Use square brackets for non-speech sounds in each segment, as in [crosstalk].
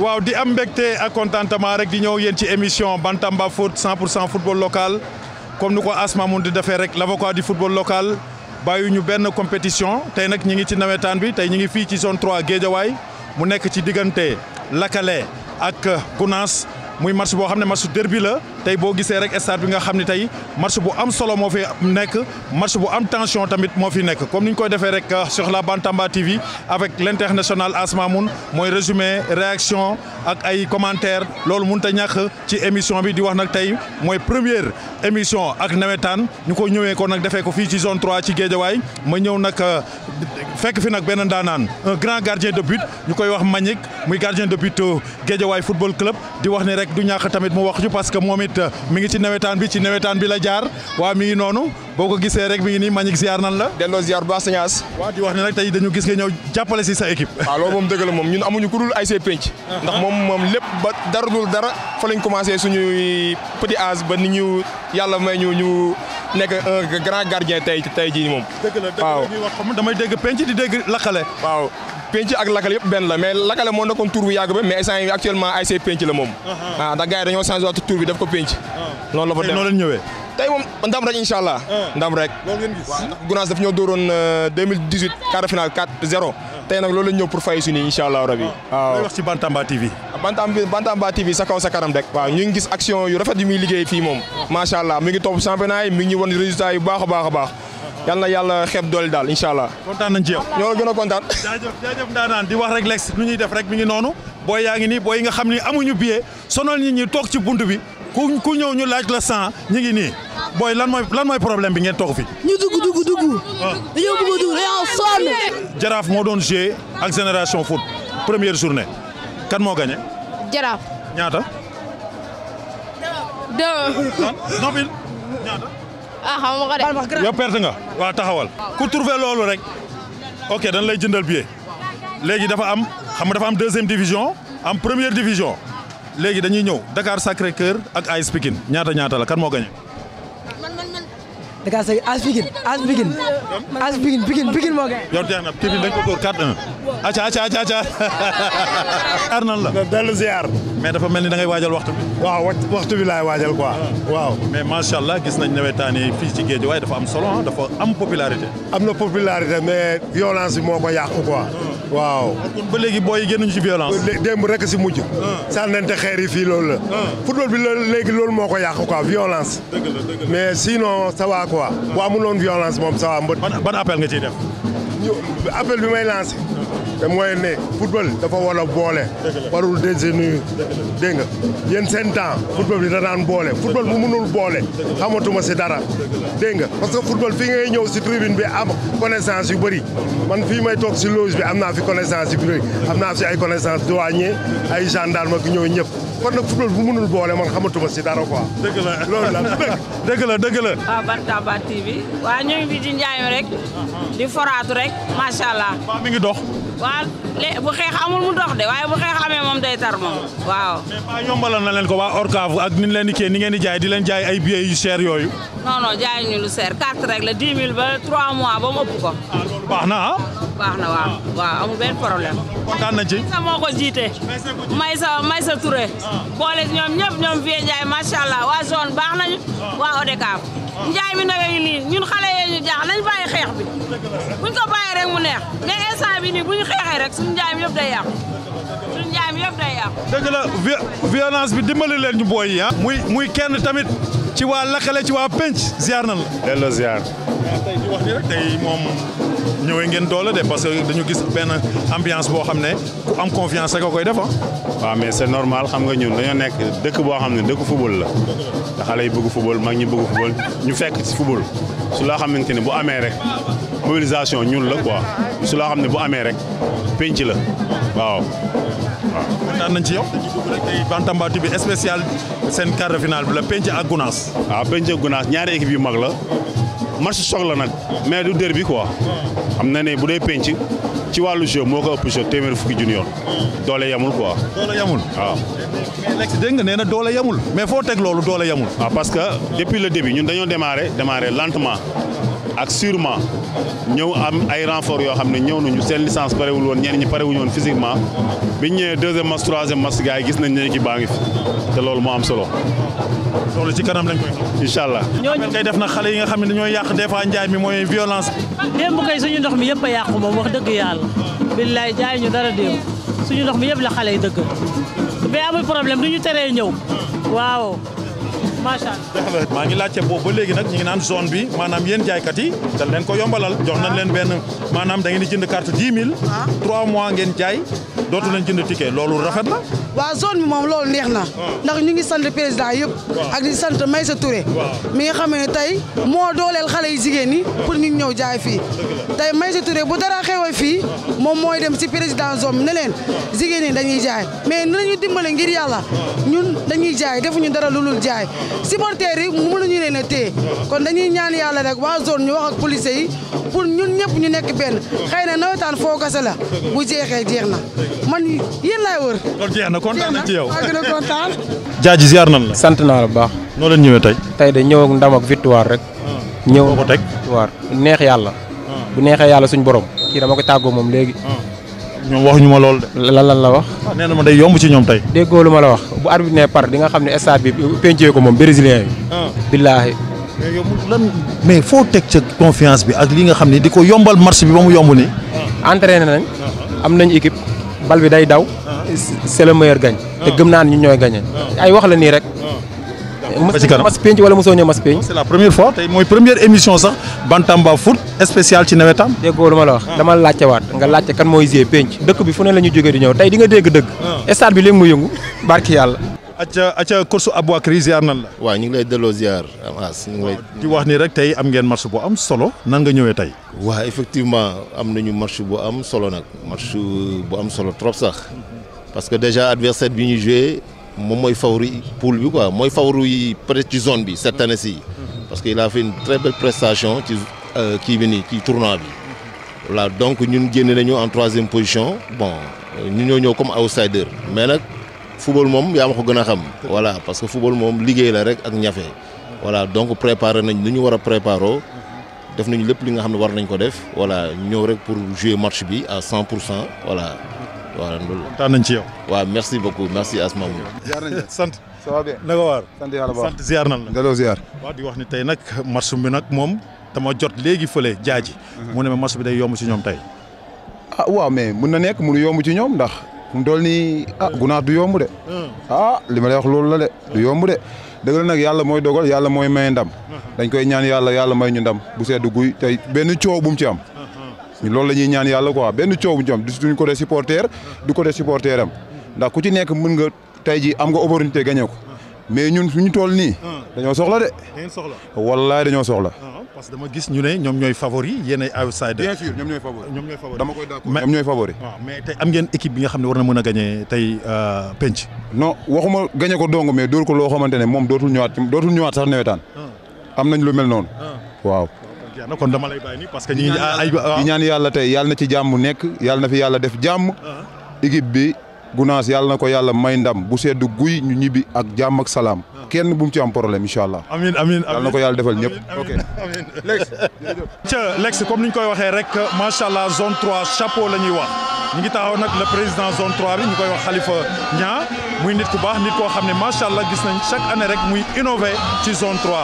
waaw di am mbégte ak contentement rek di ñëw yéen ci émission Bantamba Foot 100 pour 100 football local comme ko Asma mun di defee rek l' avocat du football local ñu benn compétition tey nag ñi ngi ci nawetaan bi tey ñi ngi fii ci zone 3 Géejawaay mu nekk ci diggante Lakale ak Gounass muy match boo xam ne match derby la. tey boo gisee rek stade bi nga xam ni tey match bu am solo moo fi nekk match bu am tension tamit moo fi nekk comme ni ñu koy defee rek euh, sur la Bantamba TV avec l' international Asmamoun mooy résumé réaction ak ay commentaires loolu mun a ñàkk ci émission bi di wax nag tey mooy première émission ak nawetaan ñu ko ñëwee ko nag defee ko fii ci zone 3 ci Géejawaay ma ñëw nag euh, fekk fi nag benn ndaanaan un grand gardien de but ñu koy wax Manick muy gardien de but euh, Géejawaay football club wax ni rek du ñàkk tamit mu wax ju parce que moom tamit euh, mi ngi ci nawetaan bi ci nawetaan bi la jaar waaw mi ngi noonu boo ko gisee rek mi ngi nii Mbagnick ziar la. delloo ziar bu baax sëñ As. waaw di wax ne nag tey dañu gis nga ñëw jàppale si sa équipe. waaw loolu moom dëgg la moom ñun amuñu ku ay see penc. Uh-huh. ndax moom moom lépp ba dara dul dara fa lañ commencé suñuy petit âge ba ni ñu yàlla may ñu ñu. nekk un euh, grand gardien tey tey jii moom. dëgg la dëgg ñuy damay dégg penc di dégg lakkale. waaw penc ak lakkale yëpp benn la mais lakkale moo nekkoon tur bu yàgg ba mais instant yi actuellement ASC penc la moom. ah ndax gars dañoo changé waat tur bi def ko penc. noonu ah. la fa demee ñëwee. tey moom ndam rek incha eh. ndam rek. loolu ngeen ñoo dóoroon 2018 euh, quart de finale 4-0. Eh. tey loolu la ñu ñëw pour fay suñu incha allah rabi. Ah. waaw lay wax ci Bantamba TV. Bantamba TV sa kaw sa kanam rek. waaw ñu ngi gis action yu rafet yu muy liggéey fii moom. Ah. macha allah mi ngi topp championnat yi mi ngi ñu wan résultat yu baax a baax a baax. Ah. yal xeeb doole daal incha a kontaan. [laughs] jaajëf jaajëf ndaanaan nu ñuy def rek mi ngi noonu booy yaa ngi nii booy yi xam ni amuñu billet sonal nit ñi toog ci buntu bi ku ku ñëw ñu laaj la cent ñu ngi nii booy lan mooy lan mooy problème bi ngeen toog fi. ñu dugg dugg dugg. Ah. dañoo bëgg a dugg dañoo jaraaf moo doon joué ak génération foot première journée kan moo gagné. jaraaf. ñaata. deux. noppi ñaata. ah xam nga ko perte nga waaw taxawal. ku trouvé loolu rek. ok dañ lay jëndal billet. léegi dafa am xam nga dafa am deuxième division am première division. léegi dañuy ñëw Dakar Sacré Cœur ak AS Pikine ñaata ñaata la kan moo gagné. Dakar Sacré AS Pikine AS Pikine AS Pikine Pikine Pikine moo gagné. yow jeex na Pikine dañ ko dóor 4-1. acca acca acca acca. [laughs] ar nan la dellu ziar. mais dafa mel ni da ngay waajal waxtu bi. waaw waxtu bi laay waajal quoi. Ah. waaw mais macha allah gis nañ nawetaan yi fii ci géej waaye dafa am solo ah, dafa am popularité. am na popularité mais violence bi moo ko yàq quoi. Ah. waaw ba léegi booy yi génnuñu ci violence. démb rek si mujj. Ah. sànnante xeer yi fii loolu la. Ah. football bi loolu léegi loolu moo ko yàq quoi violence. mais sinon ça va quoi. bu amuloon violence moom ça va mbët. ban appel nga ciy def. appel bi may lancé. te mooy ne football dafa war a boole. warul déjeuner. dégg nga yéen seen temps bi da daan boole football bu mënul boole. xamatuma si dara. dégg nga parce que football fii ngay ñëw si tribune bi am connaissance yu bëri man fii may toog si loge bi am naa fi connaissance yu bëri am naa fi ay connaissance douanier ay gendarme ak ñëw ñëpp. kon nag football bu mënul boole man xamatuma si dara quoi. dëgg la loolu la [laughs] dëgg la ah, rek. di foraatu rek macha allah. mi ngi dox. waa bu xeex amul mu de waaye bu xeex moom day tar moom waaw. ñoom pas yombalal na leen ko waa Orcave ak ni leen di kii ni ngeen di jaay di leen jaay ay billets yu cher yooyu. non jaay ñu lu cher carte rek la 10 000 ba 3 mois ba mu ko. ah loolu baax na ah. na waaw waaw amul benn problème. kontaan nañ ci Maysa moo ko jiite. Maysa Maysa Touré. Ah. boole ñoom ñëpp ñoom Vieux Ndiaye macha allah waa zone baax nañu. Ah. waa Odekaaf. njaay mi nag yi ñun xale yee jaax nañ bàyyi xeex bi buñ ko bàyyi rek mu neex mais instant bi nii bu ñu xeexee rek njaay mi yëpp day yàqu suñu njaay mi yëpp day yàqu dëgg la bi dimbali leen ñu booy yi ah. muy muy kenn tamit ci waa lakkale ci waa penc ziar nan la delloo ñëwee ngeen doole de parce que dañu gis benn ambiance boo xam ne ku am confiance rek koy defa ah. waaw mais c'est normal xam nga ñun dañoo nekk dëkk boo xam ne dëkk football la te xale yi bëgg football mag ñi bëgg football ñu fekk ci football su loo xamante ne bu amee rek mobilisation ñun la ko su loo xam ne bu amee rek penc la waaw. waaw kontaan nañ ci yow dañuy dugg rek seen quart de penc ak Gounass. waaw penc ñaari équipe yu mag la. match soxla nag mais du derby quoi am na ne bu dee penc ci wàllu jeu moo ko ëpp jeu fukki junni yoon doole yamul quoi. doole yamul waaw. mais dégg nga nee na doole yamul mais foo teg loolu doole yamul. waaw ah, parce que depuis le début ñun dañoo démarré démarré lentement ak sûrement ñëw am ay renfort yoo xam ne ñëw nañu seen licence parewul woon ñenn ñi parewuñu woon physiquement biñ ñëwee deuxième match troisième match gars yi gis nañ ne équipe baa ngi te loolu moo am solo. loolu ci kanam lañ koy xam. incha allah. ñooñu def na xale yi nga xam ne dañoo yàq des fois njaay mi mooy violence bi. démb kay suñu ndox mi yëpp a yàqu moom wax dëgg yàlla. billaay jaay ñu dara démb suñu ndox mi yëpp la xale yi dëgg. mais amul problème du ñu teree ñëw. waaw macha maa ngi laajte boobu ba léegi nag ñu ngi naan zone bi maanaam yéen jaaykat yi dañ leen ko yombalal. jox nañ leen benn maanaam da di jënd carte 10 000. 3 mois ngeen jaay dootu leen jënd ticket loolu rafet waaw zone bi moom loolu neex na ndax ñu ngi sant président yëpp ak di sant Maysa Touré mi nga xam ne tey moo dooleel xale yi jigéen ñi pour ñu ñëw jaay fii tey Maysa Touré bu dara xewee fii moom mooy dem si président zone bi ne leen jigéen ñi dañuy jaay mais nañu dimbale ngir yàlla ñun dañuy jaay defuñu dara lu dul jaay supporters yi mënuñu leen a téye kon dañuy ñaan yàlla rek waa zone ñu wax ak policiers yi pour ñun ñëpp ñu nekk benn xëy na nawetaan foo kase la bu jeexee jeex na man yéen laay wër na kontaan yow a kontaan. jaaji ziar nan la. sant naa la bu baax. noo leen ñëwee tey. tey de ñëw ak ndam ak victoire rek. Hmm. ñëw ko teg neex yàlla. Hmm. bu neexee yàlla suñu borom. kii dama ko tàggoo moom léegi. Hmm. ñoom wax ñu ma lool de. lan lan la wax. Ah, nee na ma day yomb ci ñoom tey. déggoo lu ma la wax bu arbitre ne par di nga xam ne stade bi pencee ko moom brésilien yi. billaahi. mais mais foo teg ca confiance bi ak li nga xam ne di ko yombal marché bi ba mu yomb nii. entraîné nañ. am nañ équipe bal bi day daw c'est le meilleur gagne ah. te gëm naa ne ñun ñooy gagné ah. ay wax la nii rek. Ah. ba ci kanam mas wala mosoo ñëw mas penc. la première fois tey mooy première émission sax Bantamba foot spécial ci nawetam. déggoo lu ma la wax dama laajte waat nga laajte kan mooy Géé penc dëkk bi fu ne la ñu jógee di ñëw tey di nga dégg dëgg. stade bi léegi mu yëngu barki yàlla. acca acca course Aboakry ziar nan la. waa ñu ngi lay delloo ziar Amaas ñu ngi lay. wax ni rek tey am ngeen match bu am solo nan ñëwee tey. waaw effectivement am nañu match bu am solo nag match bu am solo trop sax. parce que déjà adversaire bi ñu joué moom mooy favori poule bi quoi mooy favori peut-être ci zone bi cette si parce que il a fait une très belle prestation ci euh, kii bi nii ci tournoi bi voilà donc ñun génne nañu en troisième position bon ñu ñoo ñëw comme outsider mais nag football moom yaa ma ko gën a xam voilà parce que football moom liggéey la rek ak ñafe voilà donc préparé nañ lu ñu war a préparé def nañu lépp li nga xam ne war nañ ko def wala ñëw rek pour jouer match bi à cent pour cent voilà waaw loolu la nañ ci yow. waaw merci beaucoup merci Asma Mou. ziar nañ sant. ça va na nga waar. sant yàlla baax sant ziar nañ la. nga loo ziar. di wax ni tey nag match bi nag moom dama jot léegi fële jaaji. Mhm. mu ne ma match bi day yomb ci ñoom tey. a ah, waaw mais mun na nekk munu yomb ci ñoom ndax mu dool nii ah gunaat du yomb de. Hmm. ah li ma lay wax loolu la de du yomb de. dëgg la nag yàlla mooy dogal yàlla mooy may ndam. Hmm. dañ koy ñaan yàlla yàlla may ñu ndam bu sedd guy tey benn coow bu mu ci am. loolu la ñuy ñaan yàlla quoi benn coow bu ñu am duñ ko dee supporter du ko dee supporter am ndax ku ci nekk mën nga tey ji am nga opportunité gagné ko mais ñun suñu tool nii. Ah. dañoo soxla de. dañoo soxla wallaay dañoo soxla. Ah, parce que dama gis ñu ne ñoom ñooy favori yéen ay outsider. ñoom ñooy favori ñoom ñooy dama koy d'accord ñooy favori. waaw mais tey am ne war na mën a gagné tey euh, penc. non waxuma ko dong mais dóor ko loo xamante ne moom dootul ñëwaat dootul ñëwaat sax nawetaan. Ah. am nañ lu mel noonu. waaw. jeex na kon dama lay bàyyi nii parce que. ñu ngi ñaan yàlla tey yàlla na ci jàmm nekk yàlla na fi yàlla def jàmm. Uh-huh. équipe bi Gunaas yàlla na ko yàlla may ndam bu sedd guy ñu ñibbi ak jàmm ak salaam ah. kenn bu mu ci am problème incha allah. amiin amiin yàlla na ko yàlla defal ñëpp. ca comme ni ñu koy waxee rek macha allah zone 3 chapeau la ñuy wax ñu ngi taxaw nag le président zone 3 bi ñu koy wax xalifa Niang muy nit ku baax nit koo xam ne macha allah gis nañ chaque année rek muy innové ci zone 3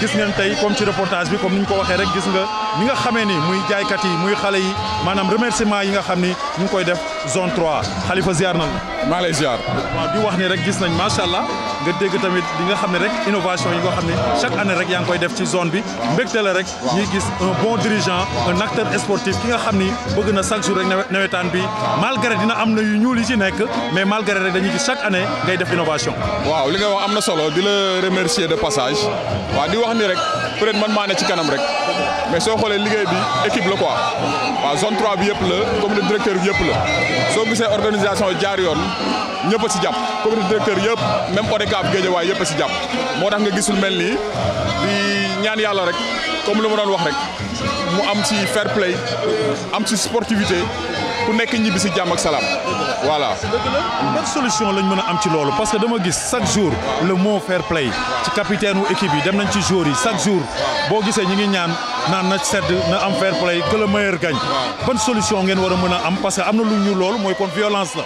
gis ngeen tey comme ci reportage bi comme ni ñu ko waxee rek gis nga ni nga xamee ni muy jaaykat yi muy xale yi maanaam remerciement yi nga xam ni ñu koy def. zone 3 xalifa ziar nañ la. maa ziar. waaw di wax ni rek gis nañ macha allah nga dégg tamit li nga xam ne rek innovation yi nga xam ne chaque anne rek yaa ngi koy def ci zone bi mbégte la rek. ñuy gis un bon dirigeant un sportif ki nga xam ni bëgg na chaque jour rek nawetaan bi malgré dina am na yu ñuul yi ci nekk mais malgré rek dañuy gis chaque année ngay def innovation. waaw li nga wax am na solo di la remercier de passage waaw di wax ni rek. peut être man maa ne ci kanam rek mais soo xoolee liggéey bi équipe la quoi waaw zone 3 bi yëpp la comité directeur bi yëpp soo gisee organisation jaar yoon ñëpp a jàpp comité directeur yëpp même ODCAV Guédiawaye yëpp a si jàpp moo tax nga gisul mel nii di ñaan yàlla rek comme lu ma doon wax rek mu am ci fair play am ci sportivité ku nekk ñibbi si jàmm ak salaam. voilà. ban solution lañ mën a am ci loolu parce que dama gis chaque jour le mot fair play ci capitaine équipe yi dem nañ ci jour yi chaque jour boo gisee ñi ngi ñaan naan na sedd na am fair play que le meilleur gagne. ban solution ngeen war a mën a am parce que am na lu ñu loolu mooy kon violence la.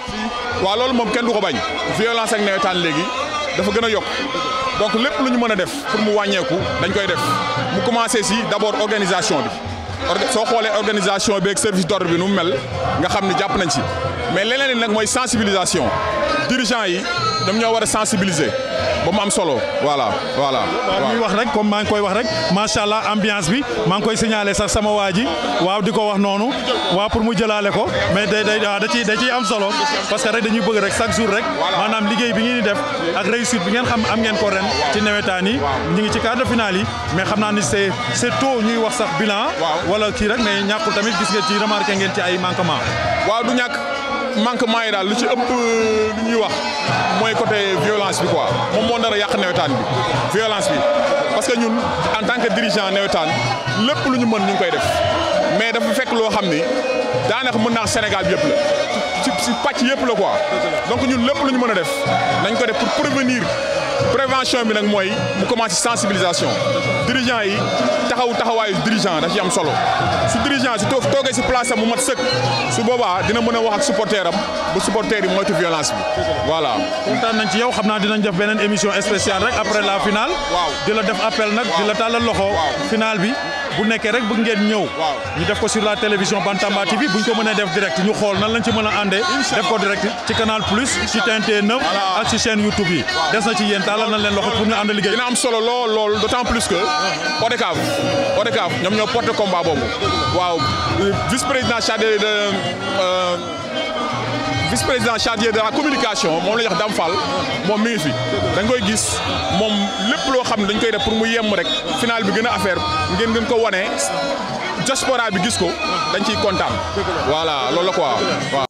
waaw loolu moom kenn du ko bañ. violence ak nawetaan léegi dafa gën a yokk. donc lépp lu ñu mën a def pour mu wàññeeku dañ koy def mu commencé si d'abord organisation bi. soo xoolee organisation beeg service d'ordre bi nu mu mel nga xam ni jàpp nañ ci mais leneen li nag mooy sensibilisation dirigeant yi ñoom ñoo war a sensibiliser. ba mu am solo voilà voilà. waaw ñuy wax rek comme maa ngi koy wax rek macha allah ambiance bi maa ngi koy signaler sax sama waa ji waaw di ko wax noonu waaw pour mu jëlaale ko mais day day da ciy da ciy am solo parce que rek dañuy bëgg rek chaque jour rek. maanaam liggéey bi ngeen di def ak réussite bi ngeen xam am ngeen ko ren ci nawetaan yi ñu ngi ci quart de finale yi mais xam naa ni c'est c'est tôt ñuy wax sax bilan. wala kii rek mais ñàkkul tamit gis nga ci remarqué ngeen ci ay manquement waaw du manquement yi daal lu ci ëpp euh, lu ñuy wax mooy côté violence bi quoi moom moo dara yàq nawetaan bi violence bi parce que ñun en tant que dirigeant nawetaan lépp lu ñu mën ñu koy def mais dafa fekk loo xam ni daanaka mën naa Sénégal bi yëpp la ci ci pàcc yëpp la quoi donc ñun lépp lu ñu mën a def nañ ko def pour prévenir prévention bi nag mooy mu commencé sensibilisation dirigeant yi taxaw taxawaayu dirigeant da ci am solo su dirigeant su toogee si place am mu mat sëkk su boobaa dina mën a wax ak supporter am ba supporter yi moytu violence bi voilà. kontaan nañ ci yow xam naa dinañ def beneen émission spéciale rek après la finale. waaw di la def appel nag di la tàllal loxo. final bi. bu nekkee rek bëgg ngeen ñëw ñu def ko sur la télévision Bantamba TV bu ñu ko mënee def direct ñu xool nan lañ ci mën a àndee def ko direct ci Canal Plus ci TNT 9 ak ci chaîne YouTube yi des na ci yéen taalal nañ leen loxo pour ñu ànd liggéey dina am solo lool lool d'autant plus que ah. ODCAV ODCAV ñoom ñoo porté combat boobu waaw vice président chargé de euh, vice-président chargé de la communication moom la ñuy wax Dame Fall moom mi ngi fi dañ koy gis moom lépp loo xam ne dañ koy def pour mu yemm rek final bi gën a affaire ngeen gën ko wane diaspora bi gis ko dañ ciy kontaan. voilà lool la quoi waaw.